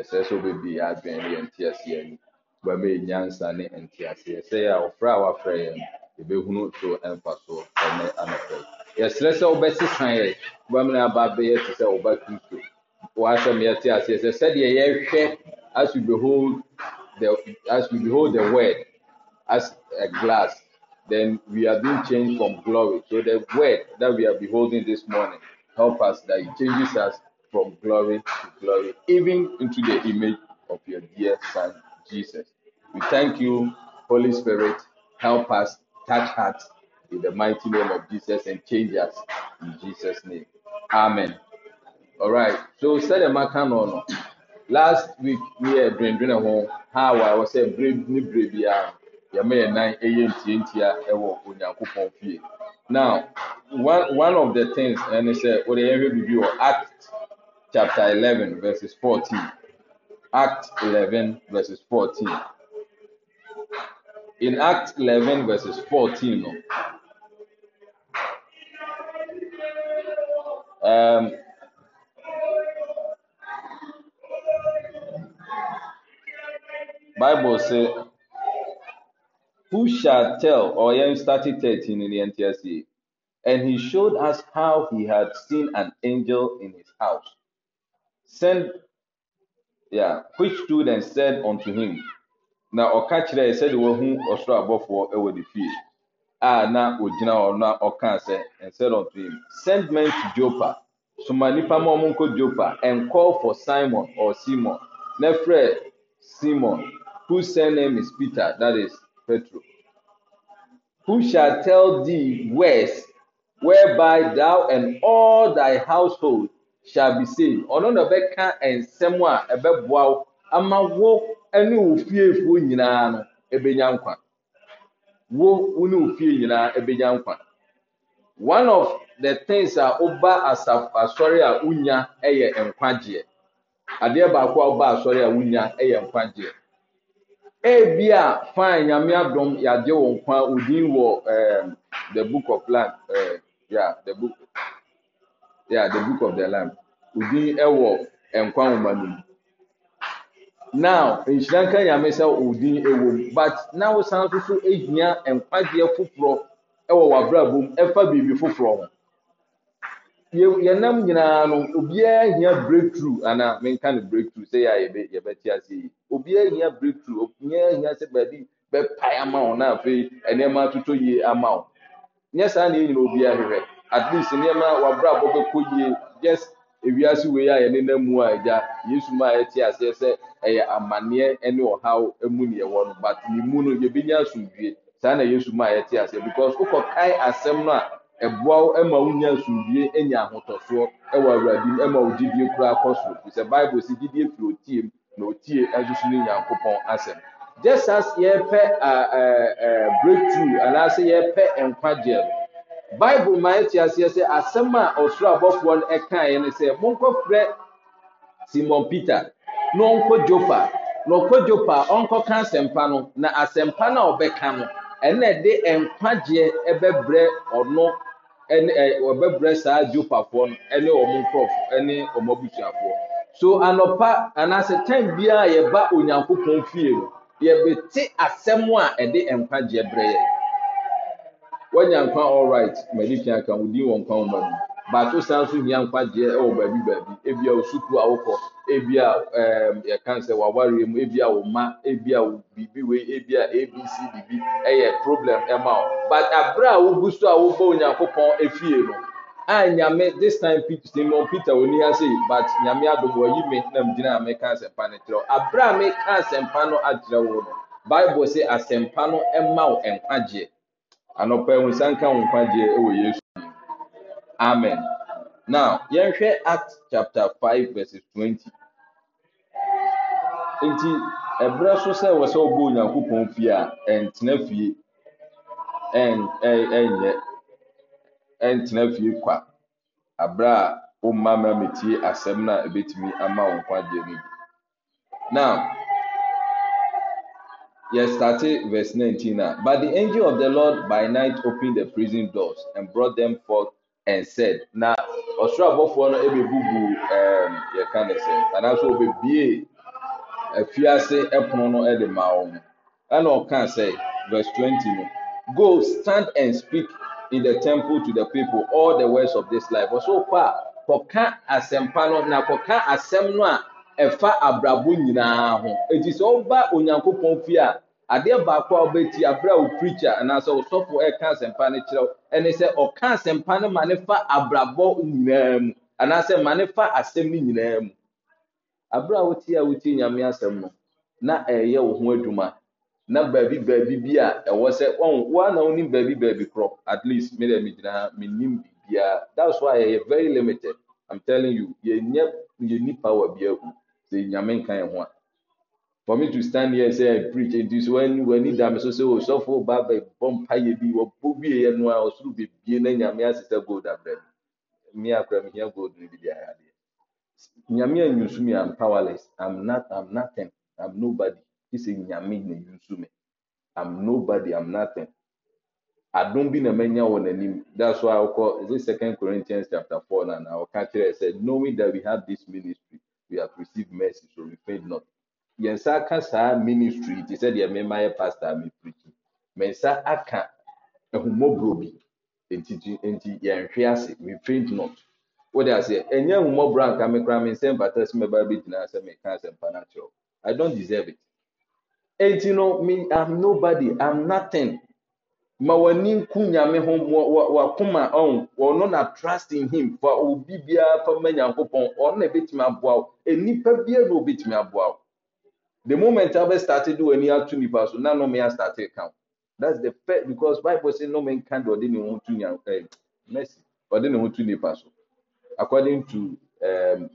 ɛsɛ sɛ wobɛbi yɛ adwene ne yɛ nteaseɛ ni wabɛyɛ nyansa ne nteaseɛ sɛ yɛ a wɔfrɛ a wafrɛ yɛn yɛbɛhunu to ɛmfa so ɛne anɔpɛ yɛsrɛ sɛ wobɛsesan yɛ wobɛmene aba bɛyɛ te sɛ woba kristo wasɛm yɛte aseɛ sɛ sɛdeɛ yɛhwɛ as we behold the as we behold the word as a glass then we are being changed from glory so the word that we are beholding this morning help us that it changes us from glory to glory, even into the image of your dear Son, Jesus. We thank you, Holy Spirit. Help us touch hearts in the mighty name of Jesus and change us in Jesus' name. Amen. All right. So, said Makanono. Last week, we had been doing a home. How I was a brave, new brave Yeah, yeah. nine a.m. TNTR, Now, one, one of the things, and I said, what the heavy act chapter 11, verses 14. Act 11, verses 14. In Act 11, verses 14, um, Bible says, Who shall tell? Or yeah, started 13 in the NTSC. And he showed us how he had seen an angel in his house send yeah which student said unto him na ɔka kyerɛ sɛde wahu ɔsoro abɔfoɔ ɛwɔ ne fie a na ogyina hɔ na ɔka sɛ and said unto him send men to joppa soma nipa ma ɔmo nkɔ joppa and call for simon or simon na frɛ simon whose surname is peter that is petro who shall tell thee words whereby thou and all thy household shall be saved ɔno na ɛbɛka nsɛm a ɛbɛboa ama wo ne wo fiefoɔ nyinaa no ɛbɛnya nkwa wo wo ne wo fie nyinaa ɛbɛnya nkwa one of the things a woba asɔre a wonya yɛ nkwagyeɛ adeɛ baako a woba asɔre a wonya yɛ nkwagyeɛ ebi a fine nyame adom yagye wɔn nkwa odin wɔ ehm, the book of land uh, eh, yeah, the book yeah the book of the lamb odin ɛwɔ nkwa nwoma no now nhyira nka nyame sɛ odin ɛwɔ mu but now wosan so so ehia nkwagyeɛ foforɔ ɛwɔ w'abrabɔ mu ɛfa biribi foforɔ ho yɛnam nyinaa no obiara hia breakthrough ana menka no breakthrough sɛ yɛ a yɛbɛ yɛbɛte ase yi obiara hia breakthrough obiara hia sɛ baabi bɛpae ama wɔn na afei nneɛma atotɔ yie ama wɔn nyɛ saa na yɛ nyina obiara hwehwɛ at least nneɛma wabrabɔ bɛkɔ yie just ewiase wei a yɛne nam mu a agya yesu mu a yɛte aseɛ sɛ ɛyɛ amanneɛ ne ɔhaw mu ne ɛwɔ no but ne mu no yɛbɛnya asomdwie saa na yesu mu a yɛte aseɛ because wokɔkae asɛm no a ɛboa wo ma wonya asomdwie anya ahotɔsoɔ wɔ awurade mu ma wo gyidie koraa kɔ soro fi sɛ bible sɛ gyidie firi otie mu na otie nso so ne nyankopɔn asɛm just as yɛpɛ breakthrough anaasɛ yɛpɛ nkwagyeɛ no bible ma ɛte aseɛ sɛ asɛm a ɔsoro abɔfoɔ no ɛkaeɛ no sɛ monkɔfrɛ simon peter na ɔnkɔ jopa na ɔkɔ jopa ɔnkɔka asɛmpa no na asɛmpa no a ɔbɛka no ɛna ɛde nkwagyeɛ ɛbɛbrɛ ɔno ɛne ɛ ɔbɛbrɛ saa jopafoɔ no ɛne wɔn nkorɔfo ɛne wɔn abusuafoɔ so anɔpa anaasɛ time biara yɛba onyankopɔn fie no yɛbɛte asɛm a ɛde nkwagyeɛ brɛ yɛn wanya nkwa all right mmadi fi aka wo din wɔ nkwa wɔn mu baako san so hia nkwagyeɛ ɛwɔ baabi baabi ebi a osuku awokɔ ebi a ɛɛm ehm, yɛka nsɛ wawareɛ mu ebi a woma ebi a bibi wei ebi a abc bibi ɛyɛ problem ɛma o but abere a wogu so a wobɔ onyankopɔn efie no a nyame this time simon peter oni ase but nyame adum wɔyi mi nam gyina mi ka asɛmpa no kyerɛw abere a mi ka asɛmpa no akyerɛw no bible say asɛmpa no ɛma o nkwagyeɛ anɔpa ehun sanka wɔn nkwagyeɛ ɛwɔ yesu amen now yɛnhwɛ act chapter five verses twenty nti ɛbrɛ so sɛ wɔsɛ ɔbɔ onyankopɔn fie a ɛntena fie ɛn ɛn ɛnyɛ ɛntena fie kwa abrɛ a wɔn mmaa mmaa metie asɛm na ebetumi ama wɔn nkwagyeɛ no now. Yes, 30 verse 19. Now. But the angel of the Lord by night opened the prison doors and brought them forth and said, Now, Osra Bofo no ebe bubu um ye kind of say, and also be bie a fiase epono no e de mawo. And all can say, verse twenty. no, go stand and speak in the temple to the people all the words of this life. Also, pa, koka asempa no, na koka asem no a ɛfa abrabɔ nyinaa ho eti sɛ ɔba onyankopɔn fie a adeɛ baako a ɔbɛti abira o preacher anaasɛ ɔsɔfo ɛka asɛmpa no kyerɛw ɛne sɛ ɔka asɛmpa no ma ne fa abrabɔ nyinaa mu anaasɛ ma ne fa asɛm no nyinaa mu abira a wotie a wotie nyame asɛm no na ɛyɛ wo ho adwuma na baabi baabi bi a ɛwɔ sɛ wɔn wɔn na onim nim baabi baabi korɔ at least mi dɛ mi gyina mi nim biribiara that's why ɛyɛ very limited i'm telling you yɛ nyɛ yɛ nipa wɔ bi ahu. sɛ nyame nka yɛn ho a for me to stand here say i preach nti so when when he me so sɛ osɔfo oh, ba bɛ bɔ mpaeɛ bi wɔbɔ wie yɛ no a ɔsoro bebie na nyame asesa gold abrɛ me me akora me hia gold no bi di ayadeɛ nyame a nyusu me i'm powerless i'm not i'm nothing i'm nobody he say nyame na nyusu me i'm nobody i'm nothing adum bi na manya wɔ n'anim that's why ɔkɔ is it second corinthians chapter four na na ɔka kyerɛ sɛ knowing that we have this ministry we have received mercy, so we fail not. Yɛnsa aka saa ministry te said deɛ mmarima my pastor mi preaching. Mmarima aka ahumɔborɔ bi nti enti yɛnhwe ase we faint not. Wɔde ase ɛnyɛ ahumɔborɔ anka mi kora same nsɛm bata si mɛba bi gyina asɛm ɛka asɛm pa n'akyerɛw. I don't deserve it. And you know me I'm nobody I'm nothing ma w'ani nku nyame ho w'akoma ɔn ɔno na trust in him fa obi biara fa ma nyankopɔn ɔno na ebetumi aboa wo enipa biara na obetumi aboa the moment i abɛ start de w'ani ato nipa so na nnome astart ka wo that's the fact because bible say no man can do ne ho to nya eh, mercy but ne ho to nipa so according to um,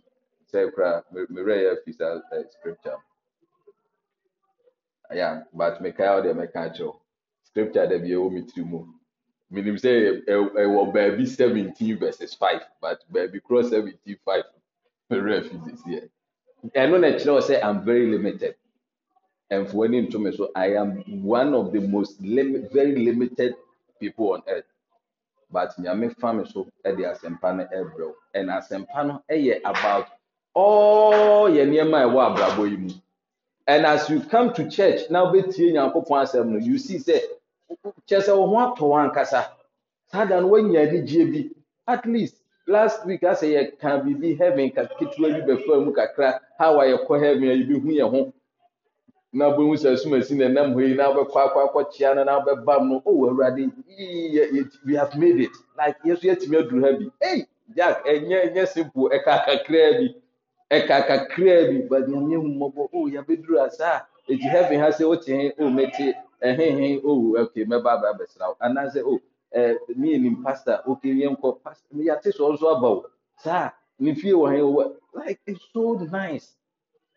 sɛ kura mmerɛ yɛ fisa eh, scripture yeah but mekae ɔde mɛka kyerɛw. scripture dɛ bi ɛwɔ mi tiri mu minim sɛ ɛwɔ baabi seventeen verses five but baabi cross seventeen five Ref, fi sisi yɛ ɛno na kyerɛ sɛ i'm very limited mfuo ni ntoma so i am one of the most lim very limited people on earth but nyame fa mi so ɛde asɛmpa no ɛbrɛw ɛna asɛmpa no ɛyɛ about all yɛ nneɛma ɛwɔ abrabɔ yi mu and as you come to church na obetie nyankopɔn asɛm no you see say. kyerɛ sɛ eh, wo ho atɔ wankasa saa da no woanya anigyeɛ bi at least last week asɛ biribi heaven ketewa bi mu kakra heaven yɛ ho na sɛ na ɛnam yi na akɔ akɔkyea na no o oh, awurade we have made it like yɛtumi aduru ha bi ei jack ɛnyɛ ɛnyɛ simple ɛka kakraa bi ɛka kakraa bi but o oh, ha saa ɛti heaven ha sɛ o ɛhenhen oh okay oh ɛɛ mi yɛ pastor okay we kɔ pastor mi yate sɛ ɔnso aba o like it's so nice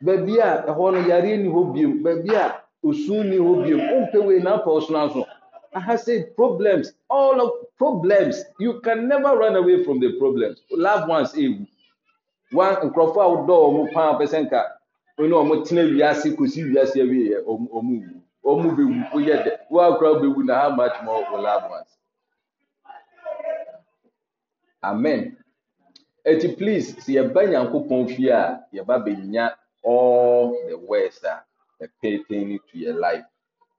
Baby, a ɛhɔ no yare ni hɔ biem baabi a osun ni hɔ biem o na problems all of problems you can never run away from the problems loved ones ewu eh, one nkurɔfoɔ a wodɔ pa paa pɛ wɔn mu bɛwu woyɛ dɛ wɔn akora bɛwu na how much more will I want amen eti please sɛ yɛba nyankopɔn fie a yɛba bɛnya all the words a pertaining to your life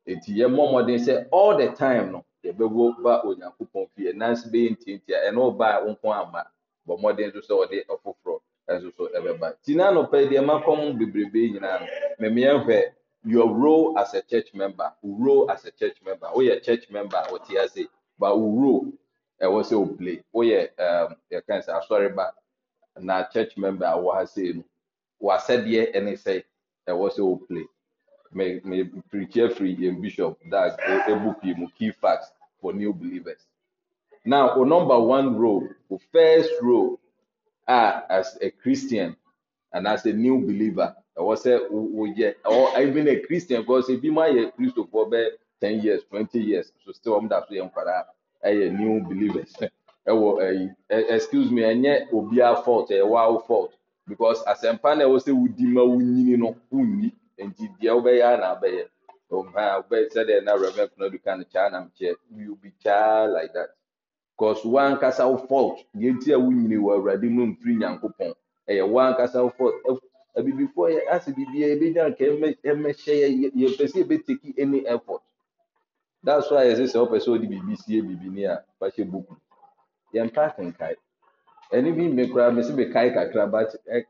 eti yɛ mmɔmɔden sɛ all the time no yɛbɛwɔ ba onyankopɔn fie nansi bɛyɛ ntiantia ɛna ɔba a nko ama bɔ mmɔden nso sɛ ɔde ɔfoforɔ ɛnso so ɛbɛba e tina anɔpɛ deɛ ɛma kɔn bebrebe nyinaa mɛmia hwɛ. your role as a church member, role as a church member. Oh yeah, church member, what he has say, but role I was say play. Oh yeah, um, yeah, can say sorry, but now church member I was saying. I What said here and he say I was say play. May may preacher free and eh, bishop that a eh, eh, book him key facts for new believers. Now, our number one role, the first role, ah, as a Christian and as a new believer, ɛwɔ sɛ woyɛ ɔ even a christian kɔ sɛ bi ma yɛ kristofoɔ bɛ ten years twenty years so still wɔn da so yɛ nkwadaa ɛyɛ new believers ɛwɔ ɛyi excuse me ɛnyɛ obiara fault ɛyɛ wawo fault because asɛmpa na ɛwɔ sɛ wodi ma wonyini no wonni nti deɛ wobɛyɛ a na abɛyɛ ɔmpa wobɛyɛ sɛdeɛ na reverend kunadu ka no kyaa nam kyɛ you be kyaa like that because wankasa wo fault deɛ nti a wonyini wɔ awurade mu mfiri nyankopɔn ɛyɛ wankasa wo fault abibifoɔ yɛ ase biribiara ebenya nka ɛmɛhyɛ yɛ yɛpɛ sɛ yɛbɛteki any effort that's why yɛsɛ sɛ ɔpɛ sɛ ɔde biribi sie biribi ni a wahyɛ buku yɛmpa akenkae ɛne bi mme koraa mɛ sɛ mekae kakra ba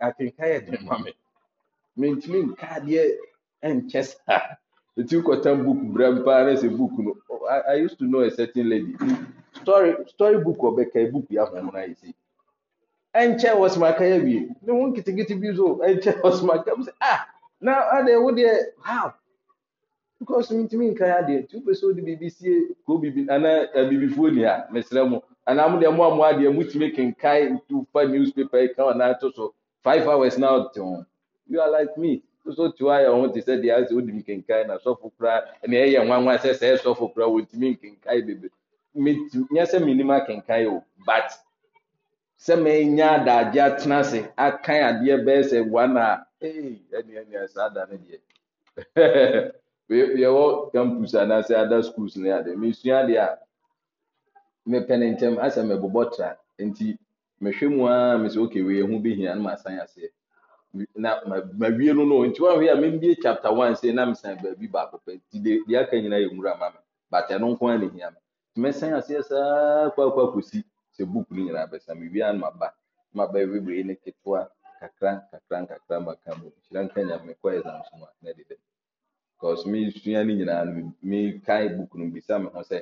akenkae yɛ den ma me mentumi nka adeɛ ɛnkyɛ saa eti kɔtɛn book brɛ mpa ne sɛ book no I, i used to know a certain lady story story book ɔbɛkae book yɛ ahoɔmɔna yɛ sɛ ɛnkyɛ wɔ smaka yɛ wie ne ho nkitikiti bi so ɛnkyɛ wɔ smaka bi sɛ ah na adeɛ wo deɛ how because ntumi nka yɛ adeɛ tí o pɛ sɛ o de biribi sie ko bibi anaa abibifoɔ ni a mesrɛ mo anaa mo deɛ mo a mo adeɛ mo tumi kenkan to fa newspaper yi e kan anaa to so five hours na ɔte ho you are like me to so tiwa yɛ ho te sɛ deɛ ase o de mi kenkan na sɔfo kura ɛna ɛyɛ nwanwa sɛ sɛ ɛsɔfo kura o tumi nkenkan bebe mi nyɛ sɛ mi nim akenkan o but sɛ menya adagye atena ase akan adeɛ bɛyɛ sɛ one a eh, ɛne ɛne saa da no deɛ yɛwɔ campus anaasɛ other schools ne ade mesua adeɛ a mepɛ ne ntam asɛ mebobɔ tra nti mehwɛ mu a mesɛ okay wei ho bɛhia no masan aseɛ na mawie no no nti wahwɛ a membie chapter one sei na mesan baabi baako pɛ nti deɛ aka nyinaa yɛ nwura ma me but ɛno nko a ne hia me nti mɛsan aseɛ saa kwakwa kɔsi sɛ book no nyinaa bɛsa mewie no maba maba bebree ne ketewa kakra kakra nkakra maka mu nhyira nka nya mekɔ exam so mu a na dedɛ because mesua no nyinaa no mekae book no bisa me ho sɛ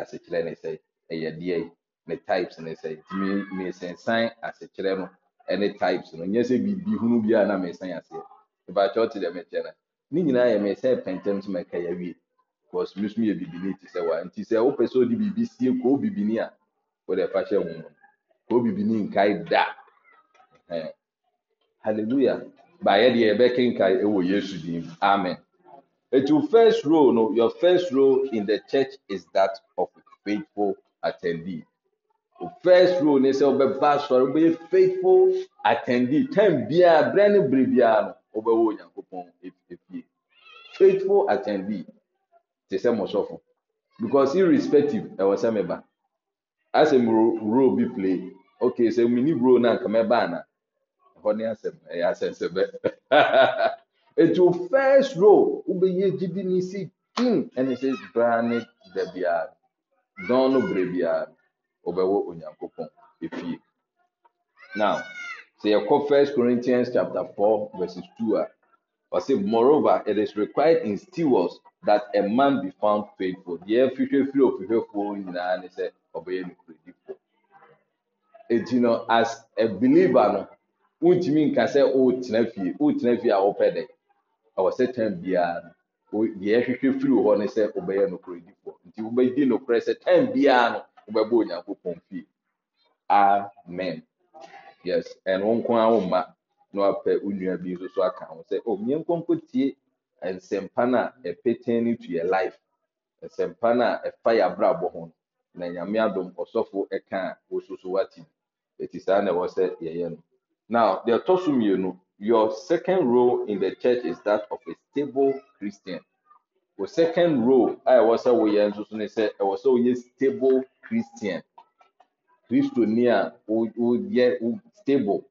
asekyerɛ ne sɛ ɛyɛ deɛ ne types ne sɛ nti mesensan asekyerɛ no ne types no nyɛ sɛ biribi hunu bi a na mesan aseɛ mebakyɛw te dɛ mekyɛ no ne nyinaa yɛ mesan pɛntɛm so mɛka yɛawie because mesom yɛ bibini te sɛ wa nti sɛ wopɛ sɛ ɔde biribi sie kɔɔ bibini a wɔde ɛfa hyɛ wɔn kuro bibini nkae da ɛɛ hallelujah baayɛ deɛ yɛbɛke nkae ɛwɔ yesu din amen etu first role no your first role in the church is that of a faithful attendee o first role ne sɛ ɔbɛba asɔre ɔbɛyɛ faithful attendee time biara brɛ ne bere biara no ɔbɛwɔ onyankopɔn efie faithful attendee te sɛ mɔsɔfo because irrespective ɛwɔ sɛ meba asɛm role bi play okay sɛ mini role na nka mɛba ana ɛhɔ ne asɛm ɛyɛ asɛnsɛbɛ etu first role wobɛyɛ gidi ni si kim ɛne sɛ braa ne da biara dɔn no bere biara wobɛwɔ onyankopɔn efie now sɛ yɛkɔ first corinthians chapter four verses two a ɔsi moreover it is required in stewards that a man be found faithful deɛ fihwɛ firi ofihwɛfoɔ nyinaa ne sɛ. obeeni predictable eti nọ as a believer nọ, wuntumi nka sɛ wotena fie wotena fie a wopɛ dɛ ɛwɔ sɛ time biara no deɛ ɛhwehwɛ firi hɔ ya sɛ dị nokorɛdifoɔ nti wobɛdi nokorɛ sɛ time biara no wobɛbɔ onyankopɔn fie amen yes ɛno wo nko a na wapɛ wo bi nso aka ho sɛ o mmeɛ nkɔnkɔ tie nsɛmpa no ɛpɛtɛn e no to yɛ life nsɛmpa no a ɛfa e yɛ abrabɔ ho no na nyame adom ɔsɔfo ɛka a wososo wati eti saa na ɛwɔ sɛ yɛyɛ no now deɛ ɛtɔ so mmienu your second role in the church is that of a stable christian Your second role a ɛwɔ sɛ woyɛ nso so ne sɛ ɛwɔ sɛ woyɛ stable christian kristoni a woyɛ stable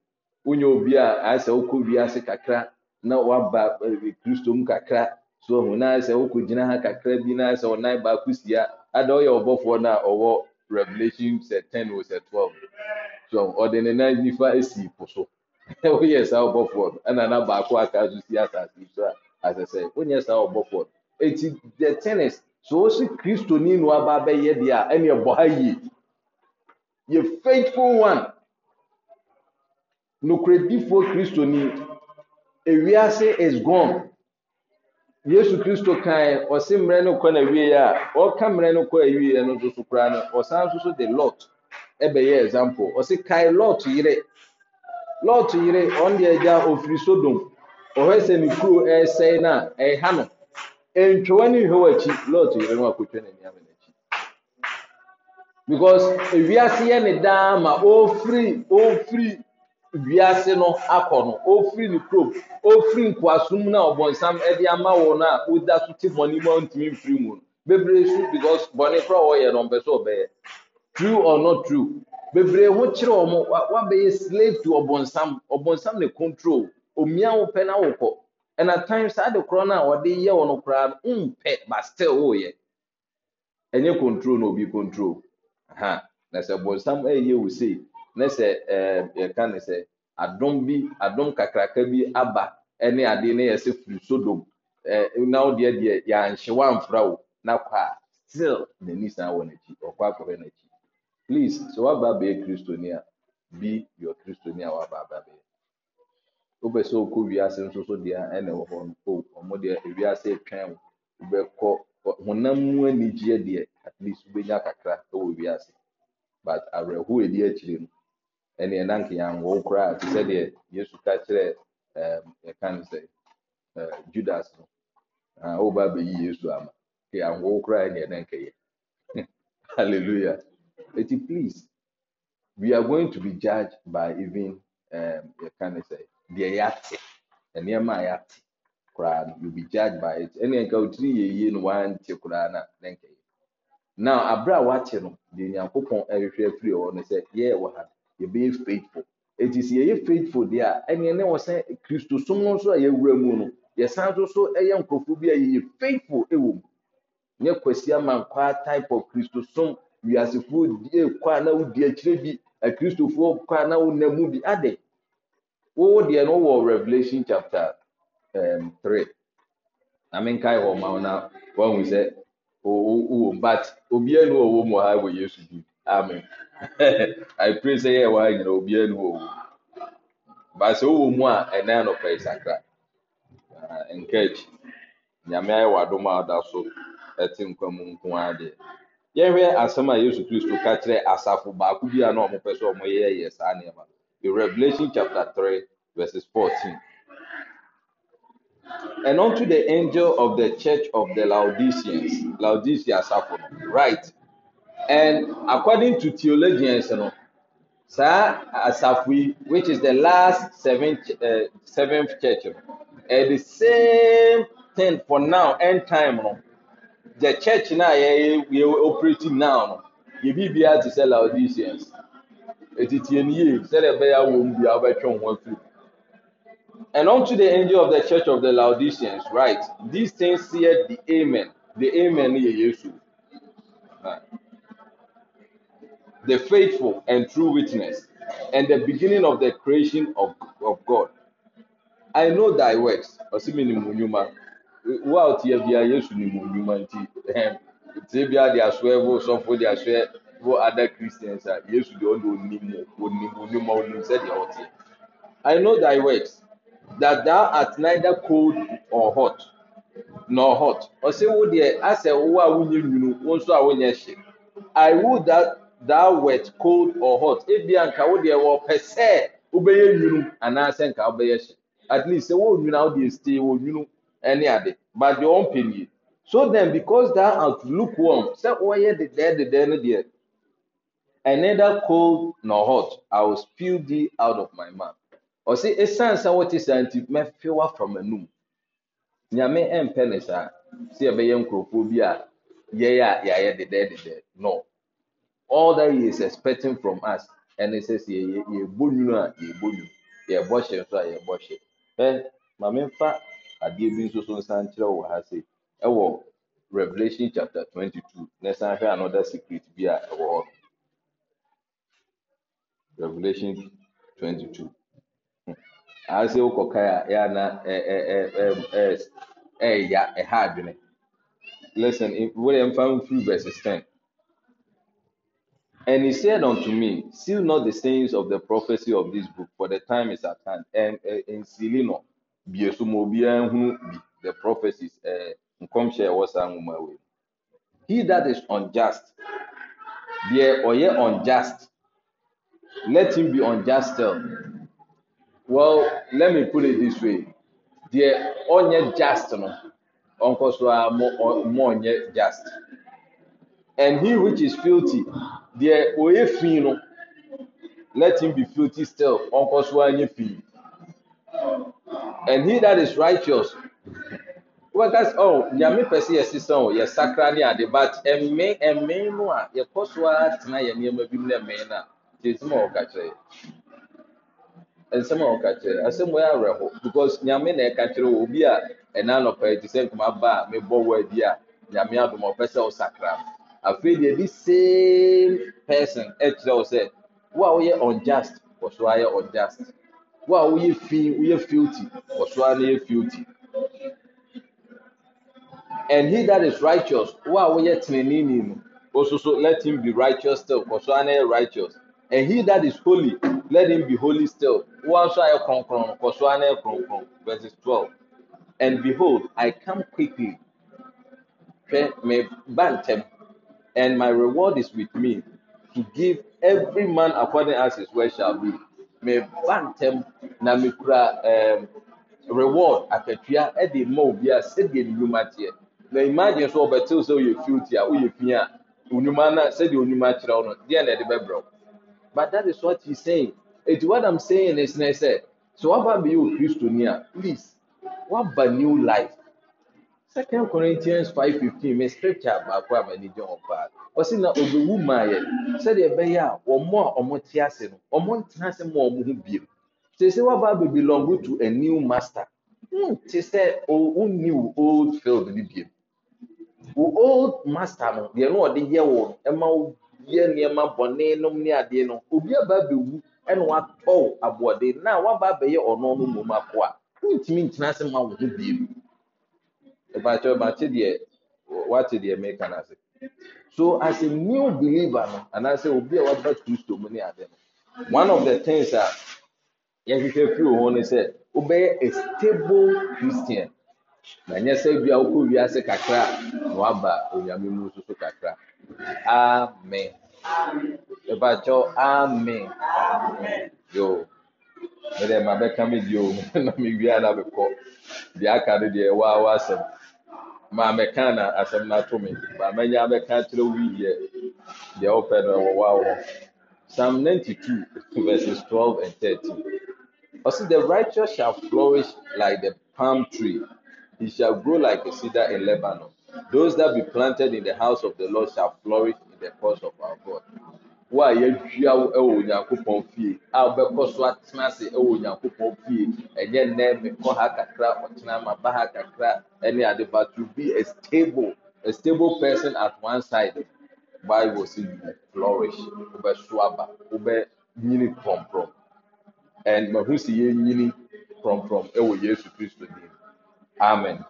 wonyɛ obi a ayɛ sɛ wokɔ wiase kakra na waba eh, kristo mu kakra so ɔhun na ayɛ sɛ wokɔ gyina ha kakra bi na ayɛ sɛ ɔnan baako si a ada ɔyɛ ɔbɔfoɔ no a ɔwɔ revelation sɛ ten o sɛ twelve so ɔde ne nan nifa esi po so woyɛ saa ɔbɔfoɔ no ɛna na baako aka so si asase so a asɛsɛ wonyɛ saa ɔbɔfoɔ no eti the tennis so osi kristo ni nu aba abɛyɛ deɛ a ɛna ɛbɔ ha yie yɛ faithful one nukuredifoɔ kristo ni ewiase is gone yesu kristo kan ɔsi mmerɛ no kɔ na wie a ɔka mmerɛ no kɔ awie no nso so koraa no ɔsan nso so de lot ɛbɛyɛ example ɔsi kae lot yere lot yere ɔn deɛ gya ofiri sodom ɔhɛ sɛ ne kuro ɛresɛe na ɛha no ntwewa ne nhwɛ akyi lot yere no akotwa n'ani ama n'akyi because ewiase yɛ ne daa ma ofiri ofiri wiase no akɔ no ofiri ne kurom ofiri nkoasum na ɔbɔnsam ɛde ama wɔn a ɔda so te bɔnne mu a ntumi mfiri mu no bebree so because bɔnne kora ɔyɛ no ɔmpɛ sɛ ɔbɛyɛ true or not true bebree ho kyerɛ wɔn wabɛyɛ slave to ɔbɔnsam ɔbɔnsam ne control omia wo pɛ na wokɔ ɛna time saa de korɔ no a wɔde yɛ wɔn koraa no mpɛ but still wɔyɛ ɛnyɛ control na obi control na sɛ ɔbɔnsam ɛyɛ wɔ sei. ne sɛ ɛɛ yɛka ne sɛ adom bi adom kakraka bi aba ɛne adeɛ ne yɛsɛ firi sodom ɛɛ na deɛ deɛ yɛanhyɛ wamfra o na kɔ a still n'ani san wɔ n'akyi ɔkɔ akɔhɛ n'akyi please sɛ waba abɛyɛ kristoni a bi yɛ kristoni a waba abɛyɛ wobɛ sɛ okɔ wiase nso so deɛ ɛna ɛwɔ hɔ no o ɔmo deɛ ewiase etwɛn o wobɛkɔ honam mu anigyeɛ deɛ at least wobɛnya kakra ɛwɔ wiase but awerɛhoɔ edi akyire no. ɛneɛ na nka yɛanwɔw koraa te sɛdeɛ yesu ka kyerɛ yɛka no sɛ judas no woba bɛyi yesu ama nka yɛanwɔw koraa ɛneɛ na nka yɛ hallelujah eti please we are going to be judged by even yɛka no sɛ deɛ yɛate nneɛma a yɛate You'll be judged by it ɛneɛ nka otiri yɛ yie no wante koraa na now abere a wate no deɛ nyankopɔn ɛrehwɛ afiri ɛwɔ no say, Yeah, what happened? being faithful eti sɛ yɛyɛ faithful There, a ɛnneɛ ne say kristo som no nso a yɛwura mu no yɛsan nso so ɛyɛ nkurɔfoɔ bi a yɛyɛ faithful ɛwɔ mu nyɛ kwasi amankwaa type of kristo som wiasefoɔ die eh, kɔ a na wodi akyire bi akristofoɔ kɔ a na wona mu bi ade wɔwɔ deɛ no wɔ revolution chapter um, three na Kai homa ma wo na wahu sɛ wɔ oh, but obiara na ɔwɔ mu ha wɔ yesu amen i pray sɛ yɛ wa nyina obiara ni owu baasa owo mu a ɛnan oh, no pɛɛ sakra nkɛɛkyi nyame ayɛ wadom a ɔda so ɛte nkwa mu nko ara deɛ yɛhwɛ asɛm a yesu kristo ka kyerɛ asafo baako bi a na ɔmo pɛ sɛ ɔmo yɛ yɛ saa nneɛma in revelation chapter three verses fourteen. And unto the angel of the church of the Laodiceans, Laodicea Sapphon, write, and according to theologians you know, saa asafo yi which is the last seventh uh, seventh church you no know, the same thing for now end time you know, the church now, yɛ yɛ operating now you yɛ bi bi ati sɛ laodiceans It is ni yie sɛ de bɛyɛ awɔ mu bi a wɔbɛtwe wɔn And unto the angel of the church of the Laodiceans, write, These things said the Amen. The Amen is Jesus. the faithful and true witness, and the beginning of the creation of, of God. I know thy works. Ọsibin ni mu nyuma. Wo a ɔte Yesu ni mu nyuma nti tie bia de aso ɛbo sɔfo other Christians a Yesu de ɔde onim mu onim I know thy works that thou art neither cold or hot nor hot. Ɔsi wo deɛ asɛ wo a wonye nwunu wo nso a wonye hye. I would that That wet, cold or hot ebi anka wo deɛ wɔpɛ sɛ wobɛyɛ nwunu anaasɛ nka wobɛyɛ hye at least sɛ wɔn nwunu a wɔde esi wɔn nwunu ɛne ade but deɛ wɔn pɛ nie so then because that art lukewarm sɛ wɔyɛ dedɛɛ dedɛɛ no deɛ and neither cold nor hot i will spill thee out of my mouth ɔsi esan san wɔte san ti mɛfiwa from enum nyame ɛmpɛ ne saa sɛ yɛbɛyɛ nkurɔfoɔ bi a yɛyɛ a yɛayɛ dedɛɛ dedɛɛ no. all that he is expecting from us and he says, yɛ yɛ bɔ nwunu a yɛ bɔ nwunu yɛ bɔ hyɛ nso a yɛ bɔ hyɛ ɛ maame nfa bi nso so nsan kyerɛ wɔ ha se ɛwɔ Revelation chapter twenty two na san hwɛ another secret bi a ɛwɔ hɔ revolution twenty two hmm. ase wokɔ kaa a yɛ eh ɛ eh ɛ ɛ ɛ ɛɛya ɛha adwene lesson wɔyɛ nfa nfiri verses ten. And he said unto me, Seal not the sayings of the prophecy of this book, for the time is at hand. And in eh, Silino, the prophecies, eh, he that is unjust, the or unjust, let him be unjust. Still. Well, let me put it this way. the only just no, uncle more just. And he which is filthy, deɛ oye fi no let him be filthy still ɔnkɔ so anyi fi and he that is righteous wọ́n ọ̀ nyame pẹ̀sẹ̀ yẹ sisan o yẹ sakra ní adi but ẹ̀mí ẹ̀mí nù a yẹ kọ́ so ara tena yẹ nneɛma bi mu na ẹ̀mí na tẹ̀síma ọ̀ka kyerɛ nsɛm a ɔka kyerɛ asɛm wɔyɛ awerɛho because nyame na ɛka kyerɛ wɔ obi a ɛna anɔpɛ te sɛ nkuma ba a mebɔ wɔ adi a nyame adum ɔpɛ sɛ ɔsakra no. afei deɛ the same person ɛkyerɛ wo sɛ wo a woyɛ unjust wɔ so ayɛ unjust wo a woyɛ fi woyɛ filthy wɔ so are yɛ filthy and he that is righteous wo a woyɛ tenenini no also so let him be righteous still wɔ so are yɛ righteous and he that is holy let him be holy still wo a I ayɛ kronkron wɔ so are yɛ kronkron verse twelve and behold i come quickly hwɛ me ba and my reward is with me to give every man according as his work shall be. May ntɛm na mekura reward akatua de ma obi a sɛdeɛ ne nnwuma na imagine so ɔbɛtew sɛ woyɛ filti a woyɛ fi a onnwuma no sɛdeɛ onnwuma kyerɛ wo no deɛ na ɛde but that is what he's saying eti what i'm saying is na sɛ So what about you? kristo ni a please waba new life Second Corinthians five fifteen. me scripture baako a m'ani gye ho paa. Ɔsi na obewu maa yɛ sɛdeɛ ɛbɛyɛ a wɔn a wɔte ase no wɔn ntena ase ma wɔn ho Tese Sese waba abɛbi long to a new master. Nte hmm, o ɔnni wo old field ni biem. O old master no deɛ no ɔde yɛ wo no o wo yɛ nneɛma bɔne nom ne adeɛ no obi aba abɛwu ɛna watɔ wo aboɔden na waba abɛyɛ ɔno no mom ako a ntumi ntena ase ma wɔn ho biem ɛbakyɛ bakye deɛ wate deɛ meka no ase so as a new believer no anaasɛ obi a waba kristo mu ne ade no one of the things a yɛhwehwɛ firi wo ho ne sɛ wobɛyɛ a stable christian na nyɛ sɛ bi a wokɔ wiase kakra na waba onyame mu nso kakra amen ɛbakyɛ amen yo mede mabɛka me dio na mewie a na mekɔ deɛ aka no deɛ ɛwɔ a wɔ asɛm maameka na asɛm no ato me maamanya abɛka akyerɛ wo deɛ deɛ wopɛ no ɛwɔ wa psalm 92 verses 12 and 13 ɔsi the righteous shall flourish like the palm tree he shall grow like a cedar in lebanon those that be planted in the house of the lord shall flourish in the cause of our god why you oh wo wɔ onyankopɔn fie a so atena ase wɔ onyankopɔn fie ɛnyɛ nnɛ mekɔ ha kakra ɔtena maba ha kakra ne ade but to be a stable a stable person at one side bible say you will flourish wobɛso aba wobɛnyini from, and mahu from from. prɔmprɔm eh, wɔ oh, yesu Christ dim amen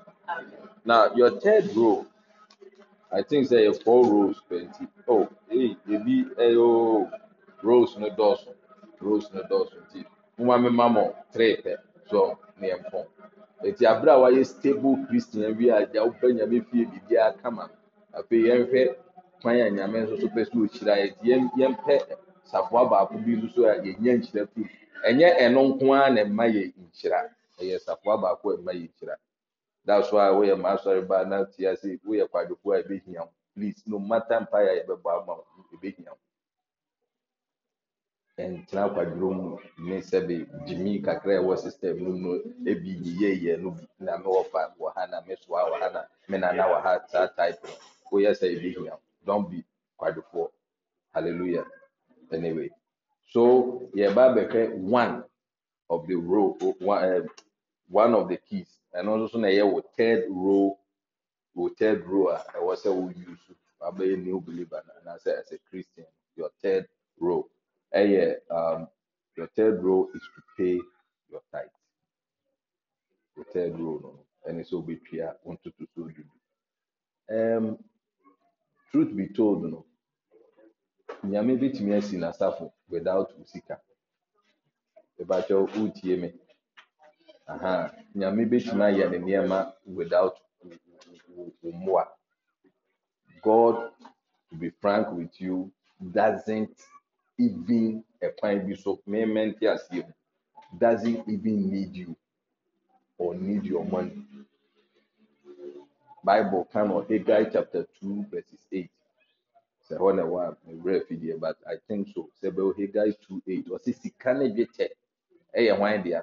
now your third rule. I think sɛ yɛ four rows pɛ oh hey, ebi eh, ɛyɛ oh, rows no dɔɔso rows no dɔɔso nti mo mi ma mo three pɛ so nea mpɔn eti abira a wayɛ stable christian bi a gya wopɛ nyame fie bibi akama afei yɛnhwɛ kwan a nyame nso so pɛ so okyira yɛ nti yɛn yɛmpɛ safoa baako bi nso so a yɛnya nkyira fi mu ɛnyɛ ɛno nko ara na ɛma yɛ nkyira ɛyɛ safoa baako a ɛma yɛ nkyira. That's why we are master about now. TSC, we are quite before I be here. Please, no matter empire, I be bama, I be here. And now, kakra system no no eh, na me wɔfa wɔ ha na me na ha type oh, don't be hallelujah anyway so yɛ ba bɛhwɛ one of the keys and also so na ɛyɛ wɔ third row wɔ third row I was say, ɛwɔ sɛ wɔyi be a new believer and I say as a christian your third row yeah, um, your third row is to pay your tithe your third row no and ɛne sɛ wobɛtua wo to so dwudu um, truth be told no nyame bɛtumi asi n'asafo without usika. sika ɛbakyɛ wotie me aha nyame bɛtumi ayɛ ne nneɛma without wo god to be frank with you doesn't even ɛkwan bi so mmɛmɛnte as mu doesn't even need you or need your money bible kan wɔ Haggai chapter two verses eight sɛ hɔ na ɛwɔ a mewura afidie but i think so sɛ Haggai two eight ɔsi sika ne dwetɛ ɛyɛ hwan dea.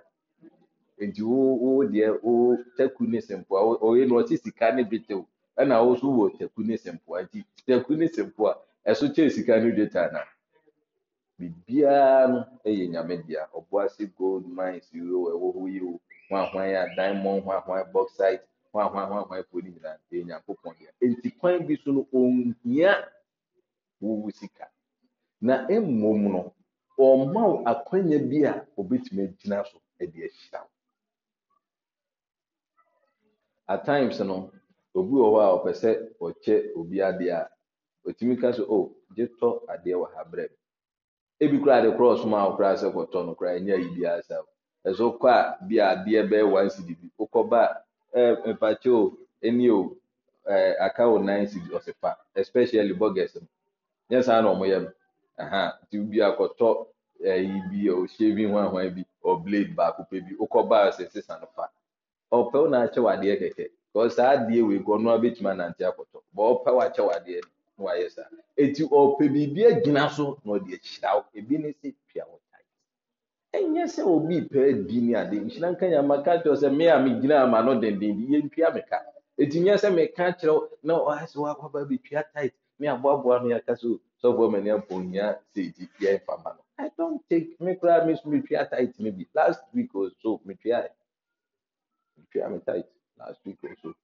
nti wo deɛ wo taku ne sempoa ɔyɛ no ɔte sika ne betew ɛna wo so wɔ taku ne sempoa nti taku ne sempoa sika ana biribiara no yɛ nyame dea ɔboase gold mines ɛwɔ hɔ yi o ho ahwan a diamond ho ahwan bauxite ho ho po ne nyinaa nti so no wowu na mmom no ɔma akwanya bi a agyina so at times no obi wɔ hɔ a ɔpɛ sɛ ɔkyɛ obi adeɛ a otumi ka so oh gye tɔ adeɛ wɔ ha brɛ ebi kura ade kura ɔsom a ɔkura sɛ kɔtɔ no kura enya yi bi asa ɛso kɔ a bi adeɛ bɛyɛ one cd bi okɔ ba ɛɛ mpakye o eni o ɛɛ aka o nine cd ɔsi pa especially burgers no nyɛ saa na ɔmo yɛ no ɛha ti bi akɔtɔ ɛyi bi o shaving hwan hwan bi ɔ blade baako pɛ bi okɔ ba ɔsi sisan no fa. ọpẹ wo na akyɛ wadeɛ kɛkɛ because saa adeɛ wei kɔ no abɛtumi anante akɔtɔ bɔ ɔpɛ wakyɛ wadeɛ na wayɛ saa eti ɔpɛ biribi agyina so na ɔde akyira wo ebi ne wo obi pɛ di ne ade nhyira ka kyerɛ sɛ mmea mi ama no denden bi yɛ eti nyɛ sɛ na ɔha sɛ wakɔba bi tua tae mi aboaboa mi aka so sɔfo sɛ no i don ti bi If I'm tight, last week or so.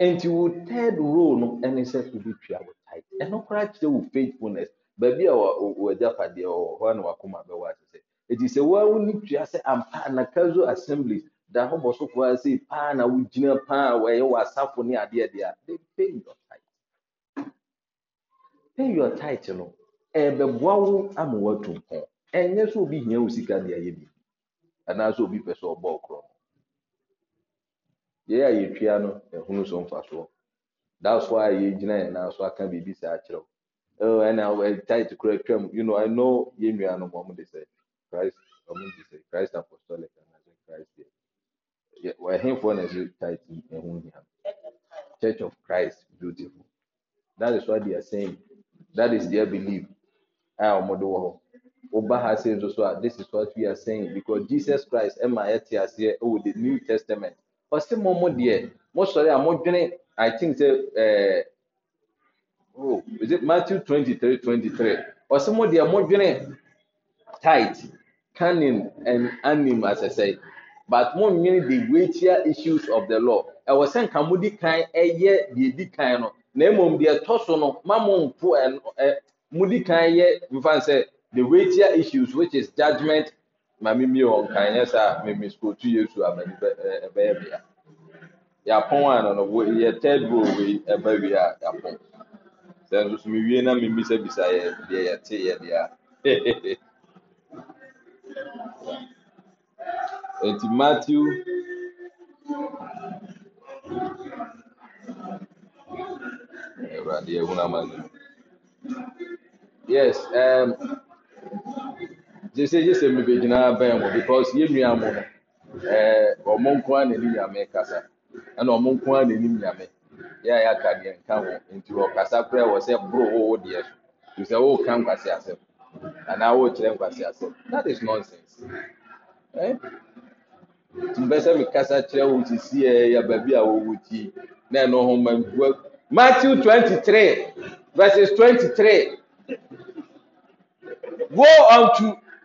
And your third role no NSF to be pure with tithe. And no crash there with faithfulness. Baby or Japade or one wakuma be what say. It is a one need to say na casual assemblies. Da ho bɔ sofo a na wogyina paa a wɔyɛ w'asafo ne adeɛ deɛ a they pay your pay your tithe no ɛbɛboa wo ama woatu nkɔn ɛnyɛ obi hia sika deɛ ayɛ bi obi pɛ yɛyɛ a yɛtua no ɛhunu so mfasoɔ that's why you yɛn now, so can't be busy actually. oh try to correct twam you know i know yɛn nua no wɔn de sɛ christ wɔn de sɛ christ apostolic and i say christ yɛ yɛ ɛhenfoɔ na ɛsɛ tight ɛho hia church of christ beautiful that is what they are saying that is their belief I am de wɔ hɔ. ọba so this is what we are saying because jesus christ M I T has here. Oh, the new testament ɔsi mo mo deɛ mo sɔrɔ a mo dwene i think sɛ ɛɛ eh, oh is it matthew twenty three twenty three ɔsi mo deɛ mo dwene tight canin and anim as I asɛsɛ but mo nwene the weightier issues of the law ɛwɔ sɛ nka mo di kan ɛyɛ eh, deɛ di kan no na emom deɛ eh, tɔ so no ma mo mpo ɛ ɛ mo di kan yɛ nfa sɛ the weightier issues which is judgement maame mi wɔ nkan yɛ saa mimi school tu yɛ su amani bɛ ɛbɛyɛ bia yapɔn a no no wo yɛ third row wei ɛba wi a yapɔn sɛ nso so mi wie na mi bisabisa yɛ deɛ yɛte yɛ deɛ eti matthew ɛwurade ɛwuna ma no yes ɛɛm. Um, gye sɛ gye sɛ mbɛbɛ gyinaa bɛn mo because yɛ nua mo no ɛɛ ɔmo nko ara n'anim nyame kasa ɛna ɔmo nko ara n'anim nyame yɛ a yɛaka deɛ nka ho nti ɔkasa koraa wɔ sɛ boro wɔwɔ deɛ so sɛ wɔɔka nkwasi asɛm anaa wɔɔkyerɛ nkwasi asɛm that is nonsense ɛɛ tumpɛ sɛ mi kasa kyerɛ wo sisi yɛ yɛ baabi a wɔwɔ ti na ɛna ɔho ma nkua matthew twenty three verses twenty three go unto.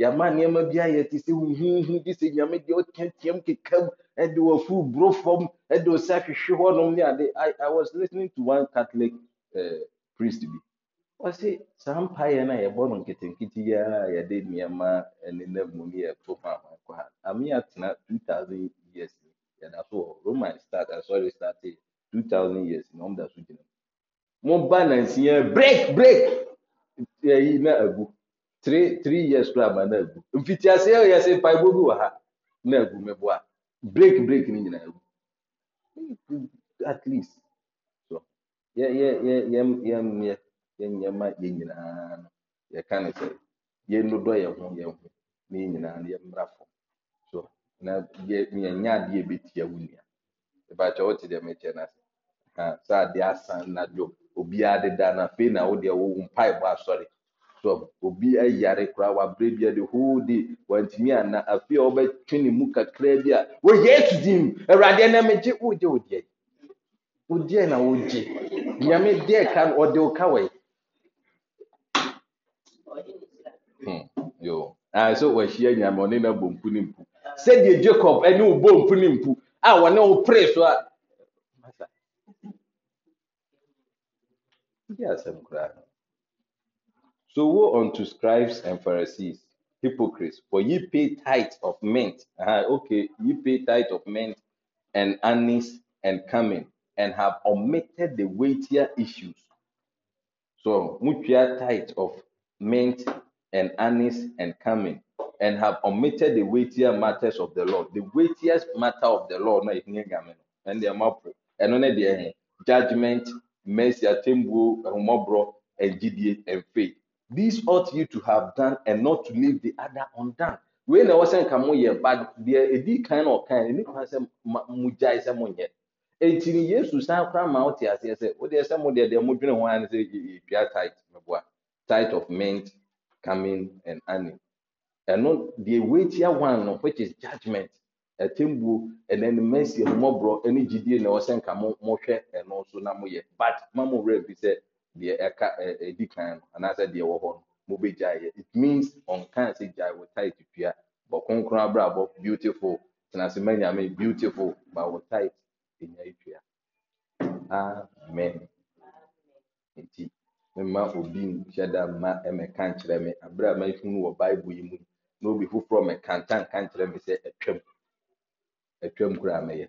yɛama nneɛma bi ayɛ te sɛ huhuhu bi sɛ nyame deɛ ɔteateam kekam ɛde wɔfu buro fam ɛde ɔsɛ ahwehwe hɔnom ne ade i was listening to one catholic uh, priest bi I saa mpaeɛ no a yɛbɔ no nketenkete yi a yɛde and eh, nenam mu no yɛto faama kɔ ha ame atena 2000 years yɛda so wɔ roman start asɔre eh, start 2000 years na ɔmda so gyina mu moba break break break yɛyi na agu three three years kura na-egwu mfitiasị ya ya sị mpa egwu wa ha na a break break ni nyina at least so ma no ka ne ho ho nyinaa no ya mmra so na ya ya nya adeɛ ebetia ha na na na wo wo asɔre. stop obi ayare koraa wabere bi a the whole day wantumi ana afi a wɔbɛtwe ne mu kakra bi a wɔyɛ etu di mu awurade ɛnam gye wogye wodeɛ wodeɛ na wogye nyame deɛ ka ɔde wo ka wɔyɛ hmm yo ah so wɔahyia nyame ɔne na bɔ mpu ne mpu sɛdeɛ jacob ɛne wo bɔ mpu ne mpu a wɔne wo pere so a asɛm koraa no So woe unto scribes and Pharisees, hypocrites, for ye pay tithe of mint. uh okay, ye pay tithe of mint and anise and cumin, and have omitted the weightier issues. So, mutia tithe of mint and anise and cumin, and have omitted the weightier matters of the Lord. The weightiest matter of the Lord, and the and their judgment, mercy, and GDA, and faith. This ought you to have done and not to leave the other undone. Wei na ɛwɔ sɛ nka but ba deɛ edi kan na ɔkan ɛni kwan sɛ mo gyae sɛ mo nyɛ. Eti ni Yesu san kora ma ɔte aseɛ sɛ o deɛ sɛ mo deɛ deɛ mo dwene ho ano sɛ yɛtua tight mɛboa tight of mint, cumin and honey. Ɛno the weitia one of which is judgement a and then the mercy ɛhomɔborɔ ɛne gyidie na ɛwɔ sɛ nka mo mo hwɛ ɛno nso na mo yɛ but ma mo rɛ bi the ɛka ɛdi kan no anaasɛ deɛ ɛwɔ hɔ no mo bɛ gyae it means ɔnkan sɛ gyae tight tae tutua But kronkron abrabɔ beautiful And many ma nyame beautiful ma tight in your etua amen nti mma obi my da mma ɛmɛka nkyerɛ me abere a mɛfunu wɔ bible yi mu na obi foforɔ mɛkanta nka nkyerɛ me a ɛtwam a koraa mɛyɛ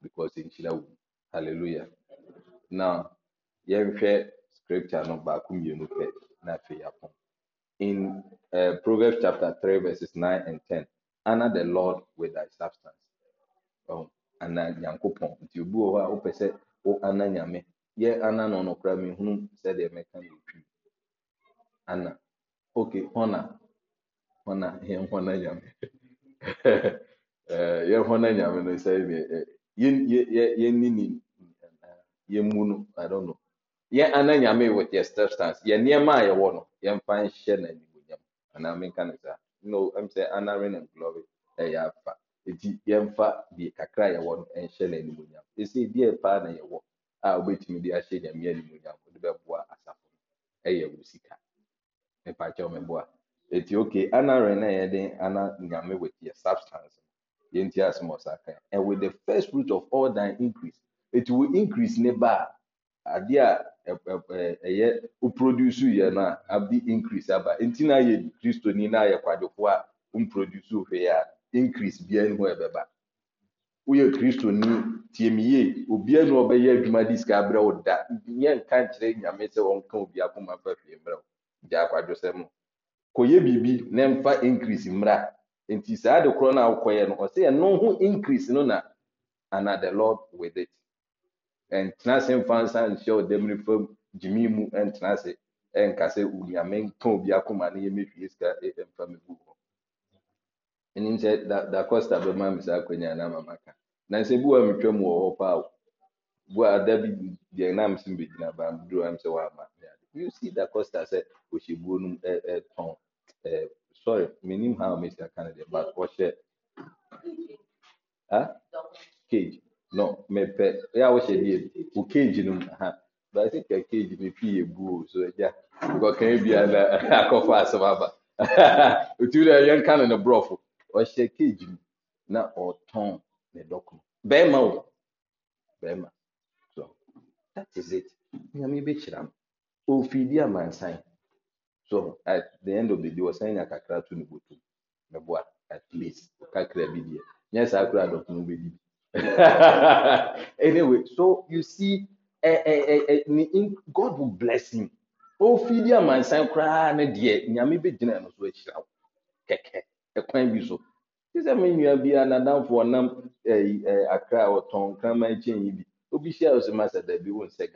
because nhyira wɔ mu hallelujah now yɛnhwɛ scripture no baako mmienu pɛ na afei in uh, proverbs chapter three verses nine and ten honour the lord with thy substance um, oh, ana nyankopɔn nti obi wɔ hɔ a wopɛ sɛ wo ana nyame yɛ ana no no koraa mehunu sɛdeɛ mɛka no twi ana okay hɔna hɔna yɛn hɔna nyame eh, yɛn hɔna nyame no sɛ eh, yɛn yɛn yɛn ni ni eh, yɛn mu no i don't know yɛn ana nyame with yɛ substance yɛn nneɛma a yɛwɔ no yɛmfa nhyɛ n'animuonyam anaa menka no saa no ɛm sɛ anaring and glory ɛyɛ afa eti yɛmfa deɛ kakra a yɛwɔ no nhyɛ n'animuonyam esi deɛ paa na yɛwɔ a obetumi de ahyɛ nyame animuonyam ɔde bɛboa asafo no ɛyɛ wɔ sika mpakyɛ wɔn mboa eti okay anaring na yɛde ana nyame with yɛ substance yɛn ti asomɔ saa and with the first fruit of all thine increase it will increase ne baa. adeɛ a ɛyɛ woproduce yɛ no a abde increase aba nti na yɛ kristoni na yɛ kwadwofoɔ a womproduce hwee a increase biara ho ɛbɛba woyɛ kristoni tiemiyie obiara na ɔbɛyɛ adwuma de sika abrɛ wo da nyɛ nka nkyerɛ nyame sɛ wɔnka obi akoma fa hwee mmerɛ wo gya akwadwosɛm kɔyɛ biribi na mfa increase mmra nti saa de korɔ no a wokɔyɛ no ɔsɛ ɛno ho increase no na ana the lord with it ntena ase mfa nsa nhyɛ ɔdamire fam gyimi mu ntena ase nka sɛ onyame ntɔn obi akoma ne yɛ mɛtwi sika e, e mfa me gu hɔ ɛnim sɛ da costa bɛma me saa akwanya na mama ka na sɛ bi wa metwa mu wɔ hɔ paa bu a da bi deɛ na mesem bɛgyina baa mduru am sɛ waama you see da costa sɛ ɔhyɛ buo no e, tɔn sorry menim how mesi aka no deɛ but ɔhyɛ cage No, mepe. ya wo hyɛ deɛ wo cage no mu aha. But I think a cage me pii ebu o so ɛgya. E Because kan bi uh, a na akɔfa asɛm aba. Otu dɛ yɛn ka no ne borɔfo. Ɔhyɛ cage mu na ɔtɔn ne dɔkɔ. Bɛrima o. Bɛrima. So that is it. Nyame bi kyerɛ m. Ofiri di amansan. So at the end of the day ɔsan nya kakra to ne bɔtɔ. Mɛboa at least kakra bi deɛ. Nyɛ saa kora dɔkɔ no bɛdi anyway, so you see, eh, eh, eh, eh God will bless him. Ofidi amansan koraa ne deɛ bi gyina no so ahyira keke bi so te sɛ me bi a for ɔnam ɛyi eh, ɛ eh, akra a ɔtɔn kraman bi obi hyia ɔsɛ ma sɛ dabi wo nsɛ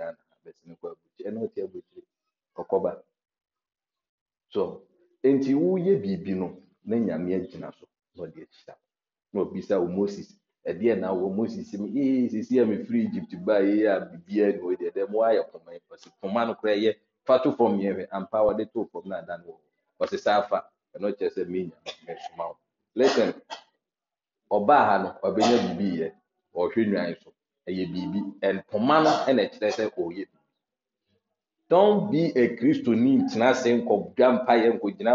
so nti woyɛ biribi no na nyame agyina so na ɔde ahyira no ɔbisa wo moses ɛdeɛ na wɔ mu sisi mu ee sisi a mefiri egypt ba ee a bibia na wɔde ɛdɛm wɔayɛ poma yi wɔsi poma no koraa yɛ fato fam yɛn hwɛ ampa wɔde to fam na adan wɔ wɔsi saa fa ɛno kyerɛ sɛ mi nya mi soma wo listen ɔbaa ha no ɔbɛnya bibi yɛ ɔhwɛ nwan so ɛyɛ biribi ɛn no ɛna kyerɛ sɛ ɔyɛ bi don a kristoni ntena se nkɔ yɛ nkɔ gyina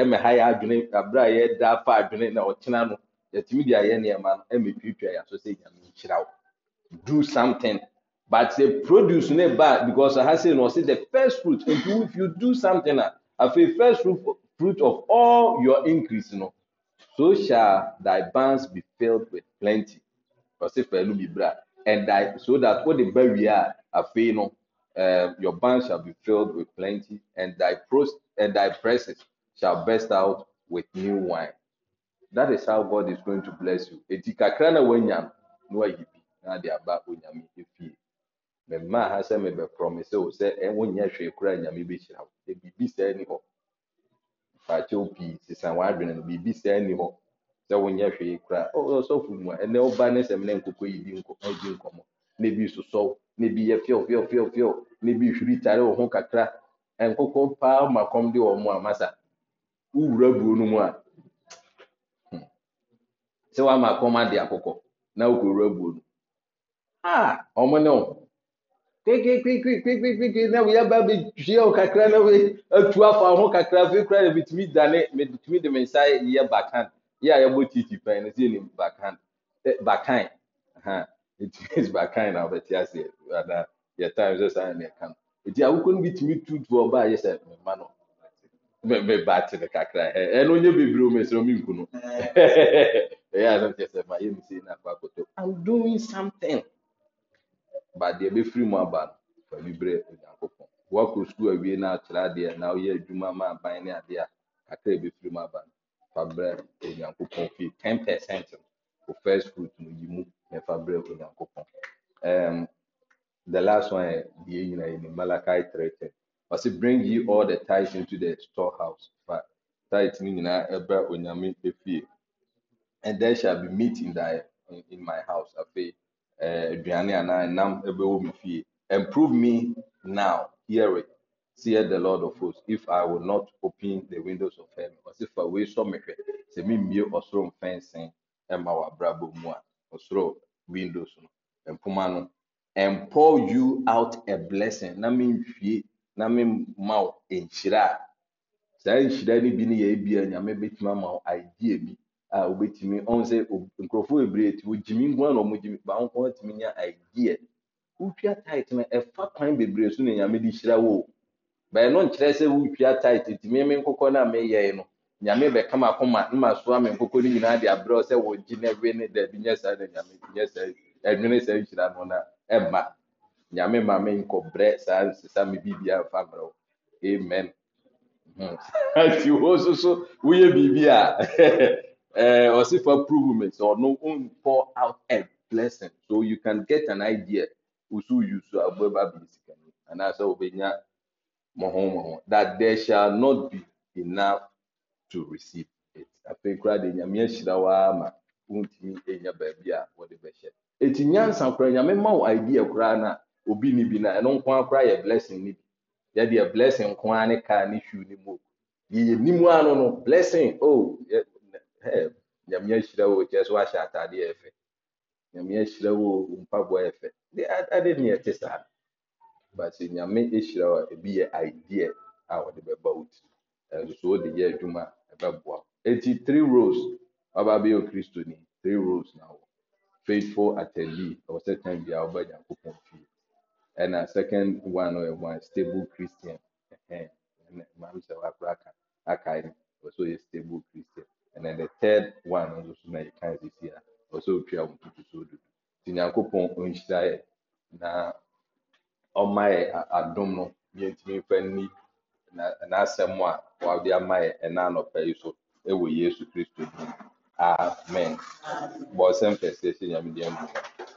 ɛmɛ ha yɛ adwene abira yɛ da adwene na ɔtena no. yɛtumi de ayɛ nneɛma no ɛmɛpiapia yɛ aso sɛ nyame nhyira wo do something but the produce ne ba because have said na ɔsi the first fruit if you if you do something a afei first fruit fruit of all your increase no so shall thy barns be filled with plenty ɔsi pɛlu bi bra and thy so that o de ba wie a afei no um, your barns shall be filled with plenty and thy pros and thy presses shall burst out with new wine. that is how god is going to bless you eti kakra na wanya na bi na de aba onyame efie mɛmma ha sɛ mɛbɛ promise o sɛ ɛwonyɛ e hwee kura nyame bɛhyira wo ebibi sɛɛ ni hɔ faakyɛw pii sisan wadwene no sɛɛ ni hɔ sɛ hwee kura ɔsɔfo mu a ɛnɛ ɔba ne sɛm ne bi nkɔ ɛdi nkɔmɔ ne bi sosɔw yɛ fiɛw fiɛw fiɛw fiɛw hwiri tare wɔn ho kakra e paa ma kɔm de wɔn mu amasa sɛ wama kɔma de akɔkɔ na okoro abuo no a ɔmo ne wo kekekekekekeke na wo yaba bi dua wo kakra na wo atu afa ho kakra fi kura na bitumi dane bitumi de me nsa yɛ bakan yɛ a yɛbɔ titi pɛn no sɛ ne bakan eh, bakan ha it means bakan na ɔbɛte aseɛ ana yɛ time sɛ saa na yɛ ka no eti awokɔ no bitumi tu tu ɔbaa yɛ sɛ mma no meba akyere kakra ɛno nye bebree o mesoro mi nkunu ɛyɛ asɛm kyerɛ sɛ mayɛ mi sei na akɔ akoto i'm doing something but deɛ bɛfiri mu aba no fa bi brɛ onyankopɔn wakɔ sukuu awie na akyerɛ adeɛ na woyɛ adwuma ma aban ne adeɛ a kakra bɛfiri mu aba no fa brɛ onyankopɔn fie ten percent o first fruit no yi mu na fa brɛ onyankopɔn um, the last one yɛ deɛ nyinaa yɛ ni malakai three ten. But he bring you all the tithes into the storehouse. But tithe nina mean a efie. And there shall be meat in thy in, in my house. Afe eh, aduane ana nam ebewo me and prove me now. Hear it. see the Lord of hosts, if I will not open the windows of heaven, As if I wish so make it, say me mute or throw fencing, and my brabo mua, or throw windows, and pumano, and pour you out a blessing. That means na mema wo nhyira a saa nhyira no bi ne yɛ ebi a nyame bɛtumi ama wo idea bi a wobɛtumi ɔn sɛ nkurɔfoɔ bebree ti wogyimi nkoa na ɔmogyimi baako atumi nya idea wotwa tight no ɛfa kwan bebree so na nyame de hyira wo bɛyɛ no nkyerɛ sɛ wotwa tight tumi me nkokɔ no a meyɛe no nyame bɛka ma koma ne ma soa me nkokɔ no nyinaa de abrɛ sɛ wogye ne we ne daabi nyɛ saa na nyame nyɛ saa ɛdwene saa nhyira no na ɛmma nyame ma me nkɔbrɛ saa nsesa me biribia mfa mmerɛ wo amen hmm. nti wo nso so woyɛ biribi a eh, ɔsi for improvement ɔno n out a blessing so you can get an idea osu yusu agbeba bi sika ni anaasɛ obenya mɔhɔmɔhɔ that there shall not be enough to receive it afei kura de nyame ahyira waa ma wuntumi enya baabi a wɔde bɛhyɛ eti nyansa kura nyame ma wo idea kura na. obi ni bi na ɛno nko ara yɛ blessing ni bi yɛdeɛ blessing nko ara ne car ne shoe ne mo yɛyɛ nimu ano no blessing oh yɛ ɛɛ nyame ahyira wo kyerɛ so ahyɛ ataadeɛ yɛ fɛ nyame ahyira wo mpaboa yɛ fɛ de ade ne yɛte saa but nyame ahyira wo ebi yɛ idea a wɔde bɛba wo ti ɛnso wɔde yɛ adwuma ɛbɛboa eti three rows waba abɛyɛ okristoni three rows na wɔ faithful attendee ɛwɔ sɛ time bi a wɔba nyankopɔn fie. and a second one or one stable Christian. And mom said, I also a stable Christian. And then the third one also na you can see also pure to to so do. Tinyankopon na ọ yɛ adum no yɛntumi ni na n'asɛm a ama yɛ ɛna anɔpa yi so ɛwɔ amen bɔnsɛn